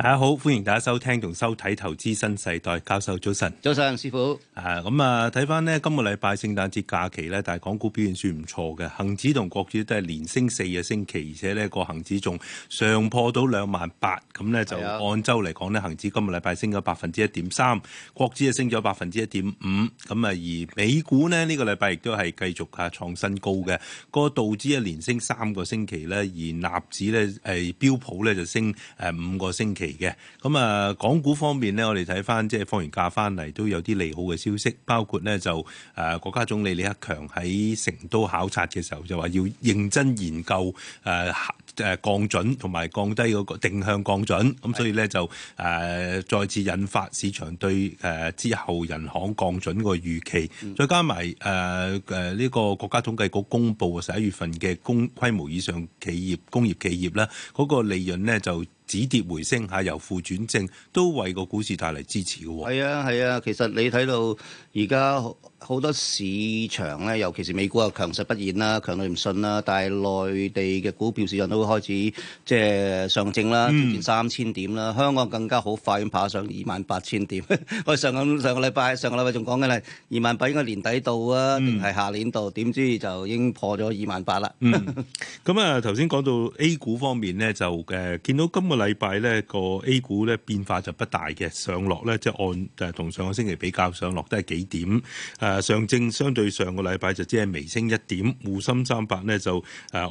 大家好，歡迎大家收聽同收睇《投資新世代》，教授早晨，早晨，師傅。啊，咁啊，睇翻呢今個禮拜聖誕節假期呢，但係港股表現算唔錯嘅，恒指同國指都係連升四個星期，而且呢個恒指仲上破到兩萬八，咁呢，的就按周嚟講呢恒指今個禮拜升咗百分之一點三，國指啊升咗百分之一點五，咁啊而美股呢，呢、這個禮拜亦都係繼續啊創新高嘅，個道指一連升三個星期呢，而納指呢，誒、呃、標普呢就升誒五個星期。嘅，咁啊，港股方面咧，我哋睇翻即係放完假翻嚟都有啲利好嘅消息，包括咧就誒、呃，國家總理李克強喺成都考察嘅時候就話要認真研究誒誒、呃、降準同埋降低嗰個定向降準，咁是的 所以咧就誒、呃、再次引發市場對誒、呃、之後人行降準個預期，嗯、再加埋誒誒呢個國家統計局公布十一月份嘅工規模以上企業工業企業啦，嗰、那個利潤咧就。止跌回升吓，由負轉正都為個股市帶嚟支持嘅喎。係啊，係啊，其實你睇到而家好多市場咧，尤其是美股啊，強勢不現啦，強到唔信啦。但係內地嘅股票市場都會開始即係上證啦，接近三千點啦。嗯、香港更加好快咁爬上二萬八千點。我 上個上個禮拜，上個禮拜仲講緊係二萬八應該年底到啊，定係、嗯、下年度，點知就已經破咗二萬八啦。咁 啊、嗯，頭先講到 A 股方面咧，就誒、呃、見到今日。禮拜咧個 A 股，咧變化就不大嘅上落咧，即係按誒、同上個星期比較，上落都係幾點。誒、上證相對上個禮拜就只係微升一點，滬深三百咧就誒、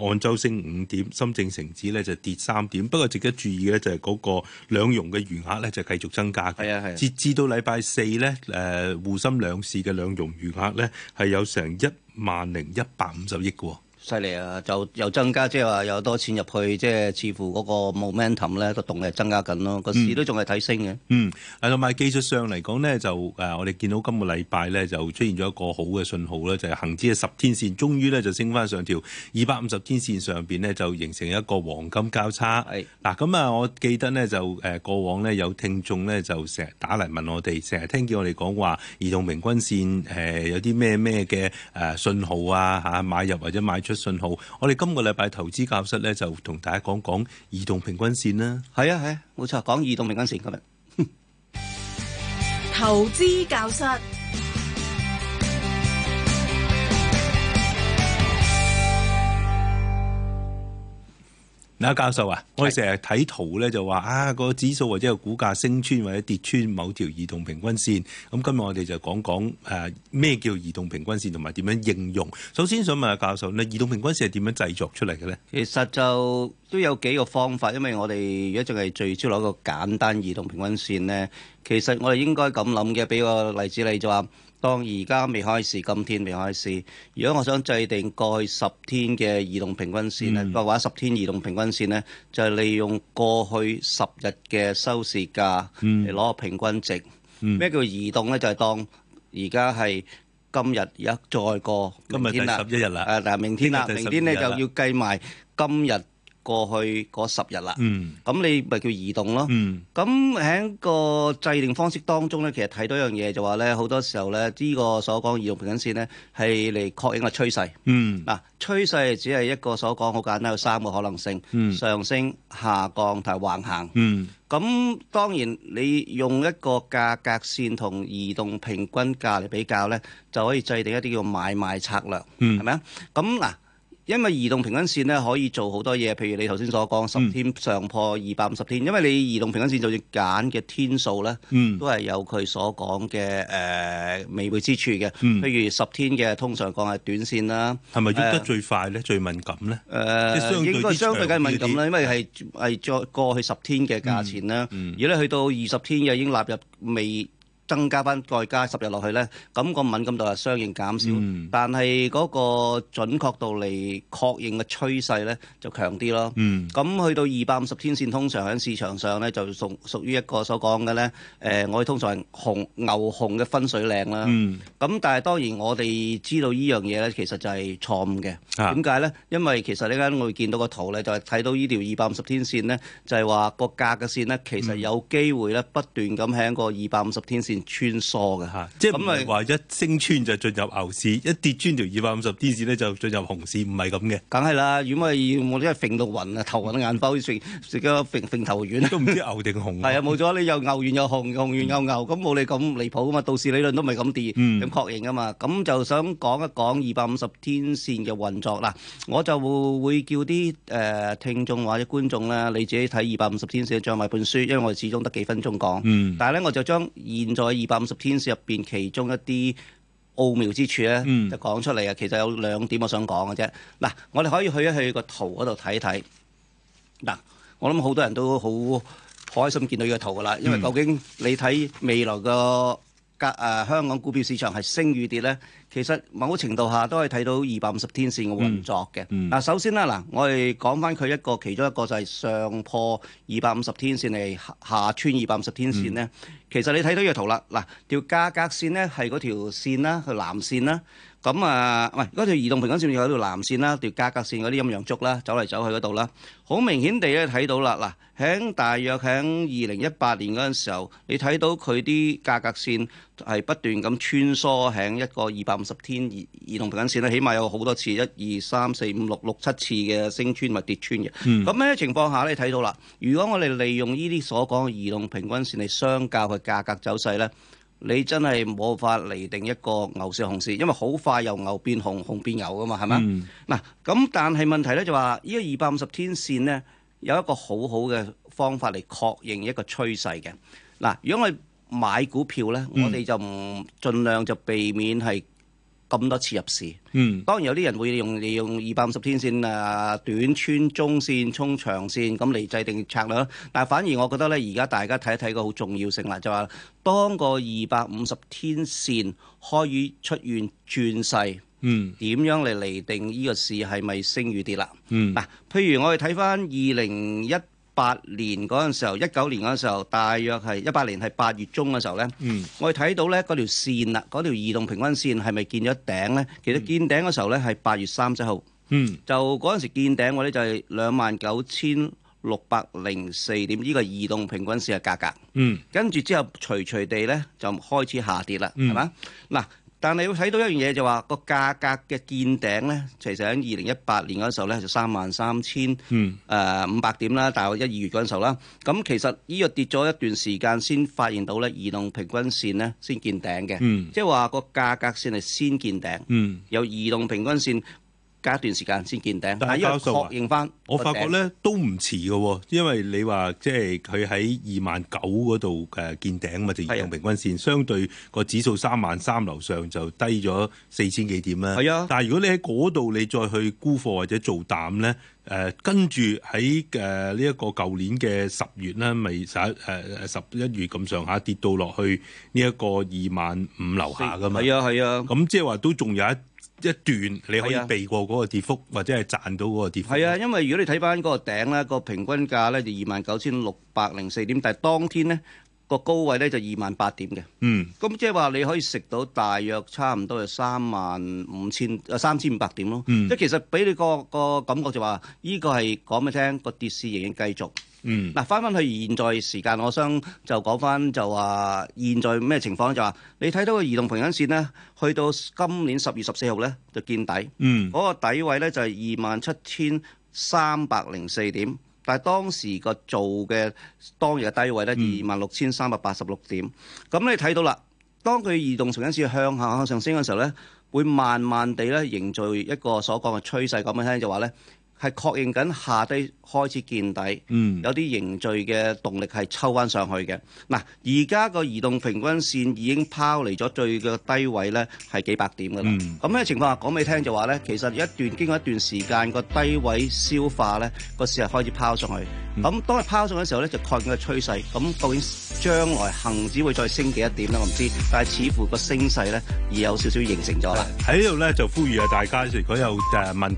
按周升五點，深證成指咧就跌三點。不過值得注意嘅就係嗰個兩融嘅餘額咧就繼續增加嘅。係啊係截、啊、至到禮拜四咧誒、滬深兩市嘅兩融餘額咧係有成一萬零一百五十億嘅。犀利啊！就又增加，即係話有多錢入去，即係似乎嗰個 momentum 咧，個動力增加緊咯。嗯、個市都仲係睇升嘅。嗯，係同埋技術上嚟講咧，就誒我哋見到今個禮拜咧就出現咗一個好嘅信號咧，就係恆指嘅十天線終於咧就升翻上條二百五十天線上邊咧就形成一個黃金交叉。係嗱咁啊！我記得咧就誒過往咧有聽眾咧就成日打嚟問我哋，成日聽見我哋講話移動平均線誒有啲咩咩嘅誒信號啊吓、啊、買入或者買出。信號，我哋今個禮拜投資教室咧就同大家講講移動平均線啦。係啊係，冇錯，講移動平均線咁啦。 投資教室。嗱，教授啊，我哋成日睇圖咧，就話啊、個指數或者個股價升穿或者跌穿某條移動平均線。咁、嗯、今日我哋就講講啊，咩叫移動平均線同埋點樣應用。首先想問下教授，咧移動平均線係點樣製作出嚟嘅咧？其實就都有幾個方法，因為我哋如果仲係聚焦攞個簡單移動平均線咧，其實我哋應該咁諗嘅。俾個例子、就是，你就話。當而家未開市，今天未開市。如果我想制定過去十天嘅移動平均線咧，嗯、或話十天移動平均線咧，就係、是、利用過去十日嘅收市價嚟攞個平均值。咩、嗯嗯、叫移動咧？就係、是、當而家係今日而家再過，今日第十一日啦。誒，但明天啦，明天咧就要計埋今日。過去嗰十日啦，咁你咪叫移動咯。咁喺個制定方式當中咧，其實睇到一樣嘢就話咧，好多時候咧，呢個所講移動平均線咧係嚟確認個趨勢。嗱，趨勢只係一個所講好簡單，有三個可能性：上升、下降同埋橫行。咁當然你用一個價格線同移動平均價嚟比較咧，就可以制定一啲叫買賣策略，係咪啊？咁嗱。因為移動平均線咧可以做好多嘢，譬如你頭先所講十天上破二百五十天，因為你移動平均線就要揀嘅天數咧，都係有佢所講嘅誒微妙之處嘅。譬如十天嘅，通常講係短線啦。係咪喐得最快咧？最敏感咧？誒應該相對梗係敏感啦，因為係係再過去十天嘅價錢啦。如果你去到二十天嘅已經納入未。增加翻再加十日落去呢，咁、那個敏感度係相應減少，嗯、但係嗰個準確度嚟確認嘅趨勢呢，就強啲咯。咁、嗯、去到二百五十天線，通常喺市場上呢，就屬屬於一個所講嘅呢。誒、呃、我哋通常係紅牛熊嘅分水嶺啦。咁、嗯、但係當然我哋知道呢樣嘢呢，其實就係錯誤嘅。點解、啊、呢？因為其實你間我見到個圖呢，就係、是、睇到呢條二百五十天線呢，就係、是、話個價嘅線呢，其實有機會呢、嗯、不斷咁喺個二百五十天線。穿梭嘅吓，即係唔係話一升穿就進入牛市，一跌穿條二百五十天線咧，就進入熊市，唔係咁嘅。梗係啦，如果我我真係揈到暈啊，頭暈眼花，成成個揈揈頭軟，都唔知牛定熊。係啊，冇錯，你又牛完又熊，熊完又牛，咁冇你咁離譜啊嘛。道氏理論都唔係咁跌，咁確認啊嘛。咁就想講一講二百五十天線嘅運作啦。我就會叫啲誒聽眾或者觀眾咧，你自己睇二百五十天線，再買本書，因為我始終得幾分鐘講。嗯。但係咧，我就將現在。喺二百五十天線入邊，其中一啲奧妙之處咧，嗯、就講出嚟啊！其實有兩點我想講嘅啫。嗱，我哋可以去一去個圖嗰度睇一睇。嗱，我諗好多人都好開心見到呢個圖噶啦，因為究竟你睇未來個。嗯嗯隔、呃、香港股票市場係升與跌咧，其實某程度下都可以睇到二百五十天線嘅運作嘅。嗱，嗯嗯、首先啦，嗱，我哋講翻佢一個其中一個就係上破二百五十天線嚟下，下穿二百五十天線咧。嗯、其實你睇到呢個圖啦，嗱，條價格線咧係嗰條線啦，佢藍線啦。咁啊，喂、嗯，係嗰條移動平均線有條藍線啦，條價格線嗰啲陰陽燭啦，走嚟走去嗰度啦，好明顯地咧睇到啦。嗱，喺大約喺二零一八年嗰陣時候，你睇到佢啲價格線係不斷咁穿梭喺一個二百五十天移移動平均線啦，起碼有好多次，一、二、三、四、五、六、六七次嘅升穿或跌穿嘅。咁咩情況下咧，睇到啦，如果我哋利用呢啲所講移動平均線嚟相較佢價格走勢咧。你真係冇法嚟定一個牛市熊市，因為好快由牛變熊，熊變牛噶嘛，係咪？嗱、嗯啊，咁但係問題呢、就是，就話呢個二百五十天線呢，有一個好好嘅方法嚟確認一個趨勢嘅。嗱、啊，如果我哋買股票呢，嗯、我哋就唔盡量就避免係。咁多次入市，嗯，當然有啲人會用利用二百五十天線啊，短穿中線、衝長線咁嚟制定策略啦。但係反而我覺得呢，而家大家睇一睇個好重要性啦，就話、是、當個二百五十天線開始出現轉勢，嗯，點樣嚟釐定呢個市係咪升與跌啦？嗯，嗱、啊，譬如我哋睇返二零一八年嗰陣時候，一九年嗰陣時候，大約係一八年係八月中嘅時候咧，嗯、我哋睇到呢嗰條線啦，嗰條移動平均線係咪建咗頂呢？其實建頂嘅時候呢係八月三十號，嗯、就嗰陣時建頂我咧就係兩萬九千六百零四點，呢、這個移動平均線嘅價格。嗯、跟住之後，隨隨地呢就開始下跌啦，係咪、嗯？嗱。但你要睇到一樣嘢就話、是、個價格嘅見頂呢，其實喺二零一八年嗰時候咧就三萬三千，誒五百點啦，大概一、二月嗰陣時候啦。咁其實呢個跌咗一段時間先發現到呢移動平均線呢先見頂嘅，即係話個價格線係先見頂，嗯、有移動平均線。隔一段時間先見頂，但係要確認翻。我發覺咧都唔遲嘅、啊，因為你話即係佢喺二萬九嗰度誒見頂啊嘛，啊就移動平均線，相對個指數三萬三樓上就低咗四千幾點啦。係啊，但係如果你喺嗰度你再去沽貨或者做淡咧，誒跟住喺誒呢一個舊年嘅十月咧，咪十一誒十一月咁上下跌到落去呢一個二萬五樓下噶嘛。係啊係啊，咁、啊、即係話都仲有一。一段你可以避過嗰個跌幅、啊，或者係賺到嗰個跌幅。係啊，因為如果你睇翻嗰個頂咧，個平均價咧就二萬九千六百零四點，但係當天咧、個高位咧就二萬八點嘅。嗯。咁即係話你可以食到大約差唔多係三萬五千啊三千五百點咯。嗯、即係其實俾你、個、個感覺就話，依個係講俾你聽，個跌市仍然，然繼續。嗱，翻翻去現在時間，我想就講翻就話現在咩情況就話你睇到個移動平均線呢，去到今年十月十四號呢，就見底。嗯，嗰個底位呢，就係二萬七千三百零四點，但係當時個做嘅當日嘅低位呢，二萬六千三百八十六點。咁、嗯、你睇到啦，當佢移動平均線向下向上升嘅時候呢，會慢慢地呢，營造一個所講嘅趨勢。講俾你聽就話呢。係確認緊下低開始見底，嗯、有啲凝聚嘅動力係抽翻上去嘅。嗱，而家個移動平均線已經拋離咗最嘅低位咧，係幾百點㗎啦。咁嘅情況下講俾你聽就話咧，其實一段經過一段時間個低位消化咧，個市係開始拋上去。咁當佢拋上嘅時候咧，就確認個趨勢。咁究竟將來恒指會再升幾多點咧？我唔知，但係似乎個升勢咧已有少少形，形成咗啦。喺呢度咧就呼籲啊大家，如果有誒問題。